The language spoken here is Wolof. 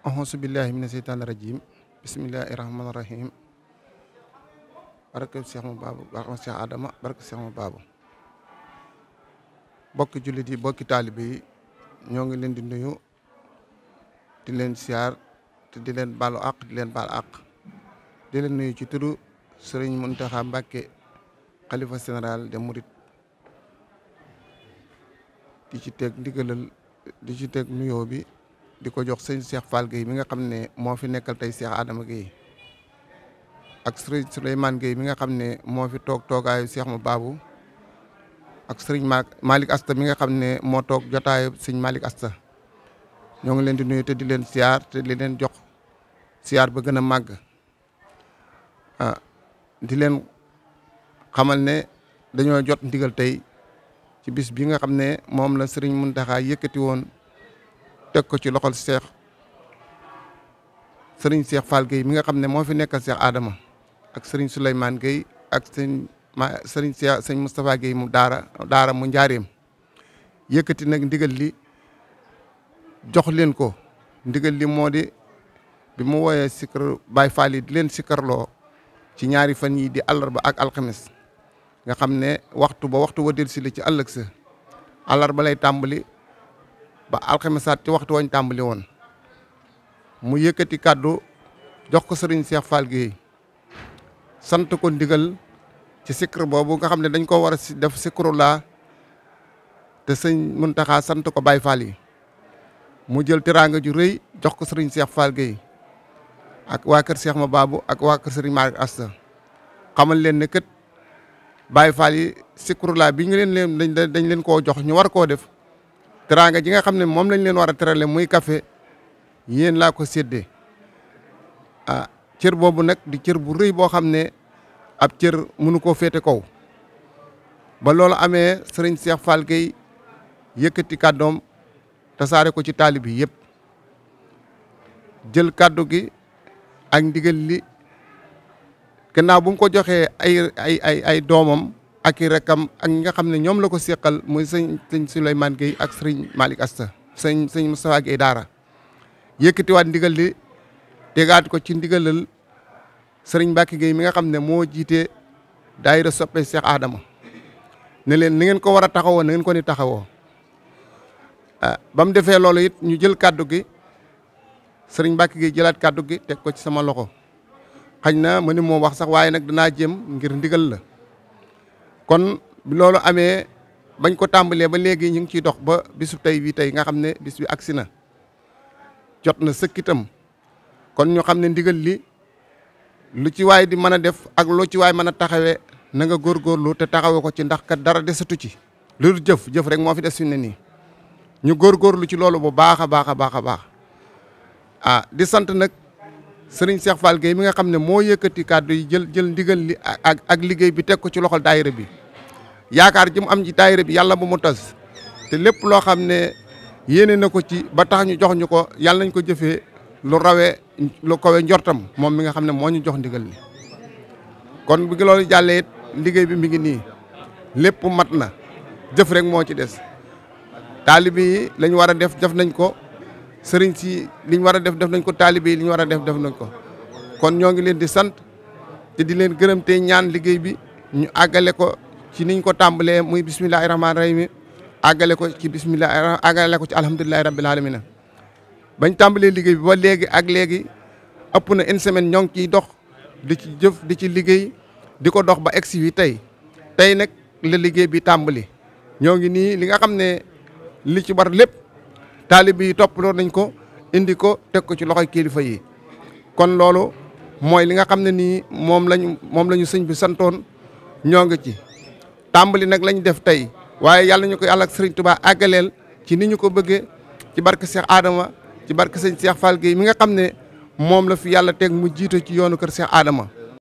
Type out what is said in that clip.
axusu billahi mina seytaani rajim bismillahi rahmaani rahim barke Cheikh mu baabu barke Cheikh Adama barke Cheikh mu baabu bokki jullit yi bokki taalibe yi ñoo ngi leen di nuyu di leen siyaar te di leen baalu àq di leen baal àq di leen nuyu ci turu sëriñ Muntaxa Mbàkke xalifa général des mourides di ci teg ndigalal di ci teg nuyoo bi di ko jox sëñ Cheikh Fall Gueye mi nga xam ne moo fi nekkal tey Cheikh Adama Gueye ak sëriñ Souleymane Gueye mi nga xam ne moo fi toog toogaayu Cheikh mu baabu ak sëriñ Malick Asta mi nga xam ne moo toog jotaayu sëñ Malick Asta ñoo ngi leen di nuyu te di leen siyaar te di leen jox siyaar ba gën a màgg a ah, di leen xamal ne dañoo jot ndigal tey ci bis bi nga xam ne moom la sëriñ Mountakha yëkkati woon. teg ko ci loxol seex sëriñ seex Fall Gueye mi nga xam ne moo fi nekkal seex Adama ak sëriñ Souleymane Gueye ak sëñ ma sëriñ seex sëñ Moustapha mu daara daara mu njaareem yëkkati nag ndigal li jox leen ko ndigal li moo di bi mu wooyee sikkar Baye Fall yi di leen ci ñaari fan yi di ba ak alxames nga xam ne waxtu ba waxtu wa dellusi la ci ëllëg sa àllarba lay tàmbali ba alxamisaat ci waxtu wañ tàmbali woon mu yëkkati kàddu jox ko sëriñ Cheikh Fall Guèye sant ko ndigal ci sikr boobu nga xam ne dañ koo war a def sikru laa te sëñ taxaa sant ko Baye Fall yi mu jël teraanga ju réy jox ko sëriñ seex Fall Guèye ak waa kër Cheikh ma Babou ak waa kër sëriñ Malick Asta xamal leen ne kët Baye Fall yi sikru laa bi ñu leen leen dañ leen koo jox ñu war koo def teraanga ji nga xam ne moom lañ leen war a terale muy kafe yéen laa ko séddee ah cër boobu nag di cër bu rëy boo xam ne ab cër mënu koo féete kaw ba loolu amee sëriñ Cheikh Fall Gueye yëkkati kàddoom tasaare ko ci taalib yi yëpp jël kàddu gi ak ndiggal li gannaaw bu mu ko joxee ay ay doomam ak i rakam ak nga xam ne ñoom la ko seqal muy sëñ sëñ Souleymane Gueye ak sëñ Malick Asta sëñ sëñ Moustapha Gueye Daara yëkkatiwaat ndigal li tegaat ko ci ndigalal sëriñ Mbacke géey mi nga xam ne moo jiite daayira soppe Cheikh Adama ne leen ni ngeen ko war a taxawoo na ngeen ko ni taxawoo ah ba mu defee loolu it ñu jël kàddu gi sëriñ Mbacke Gueye jëlaat kàddu gi teg ko ci sama loxo xañ na ma ni moo wax sax waaye nag danaa jëm ngir ndigal la. kon loolu amee bañ ko tàmbalee ba léegi ñu ngi ciy dox ba bisu tey bii tey nga xam ne bis bi agsi na jot na sëkkitam kon ñu xam ne ndigal li lu ci waay di mën a def ak loo ci waay mën a taxawee na nga góorlu te taxawee ko ci ndax kat dara desatu ci. lu dul jëf jëf rek moo fi des fi ne nii ñu góor góorgóorlu ci loolu bu baax a baax a baax a baax ah di sant nag sëriñ Cheikh Fall Gueye mi nga xam ne moo yëkkati kàddu yi jël jël ndigal li ak ak liggéey bi teg ko ci loxol daayira bi. yaakaar ji mu am ci daayira bi yàlla bu mu tas te lépp loo xam ne yéene na ko ci ba tax ñu jox ñu ko yàlla nañ ko jëfee lu rawe lu kawe njortam moom mi nga xam ne moo ñu jox ndigal li kon bu loolu jàllee liggéey bi mi ngi nii lépp mat na jëf rek moo ci des taalibe yi lañu war a def def nañ ko sëriñ si liñ war a def def nañ ko taalibe yi li ñu war a def def nañ ko kon ñoo ngi leen di sant te di leen gërëm te ñaan liggéey bi ñu àggale ko ci niñ ko tàmbalee muy bismillahi rahmaani rahim àggale ko ci bismillah àggale ko ci alhamdulilahi rabbil alamina bañ tàmbalee liggéey bi ba léegi ak léegi ëpp na une semaine ñoo ngi ciy dox di ci jëf di ci liggéey di ko dox ba egsi yi tey tey nag la liggéey bi tàmbali ñoo ngi nii li nga xam ne li ci bar lépp taalib yi toppaloo nañ ko indi ko teg ko ci loxoy kilifa yi kon loolu mooy li nga xam ne nii moom lañu moom la ñu sëñ bi santoon ñoo ci tàmbali nag lañ def tey waaye yàlla ñu ko yàlla ak sëriñ Tuubaa àggaleel ci ni ñu ko bëggee ci barke Cheikh aadama ci barke sëñ Cheikh Fall Gueye mi nga xam ne moom la fi yàlla teg mu jiite ci yoonu kër Cheikh aadama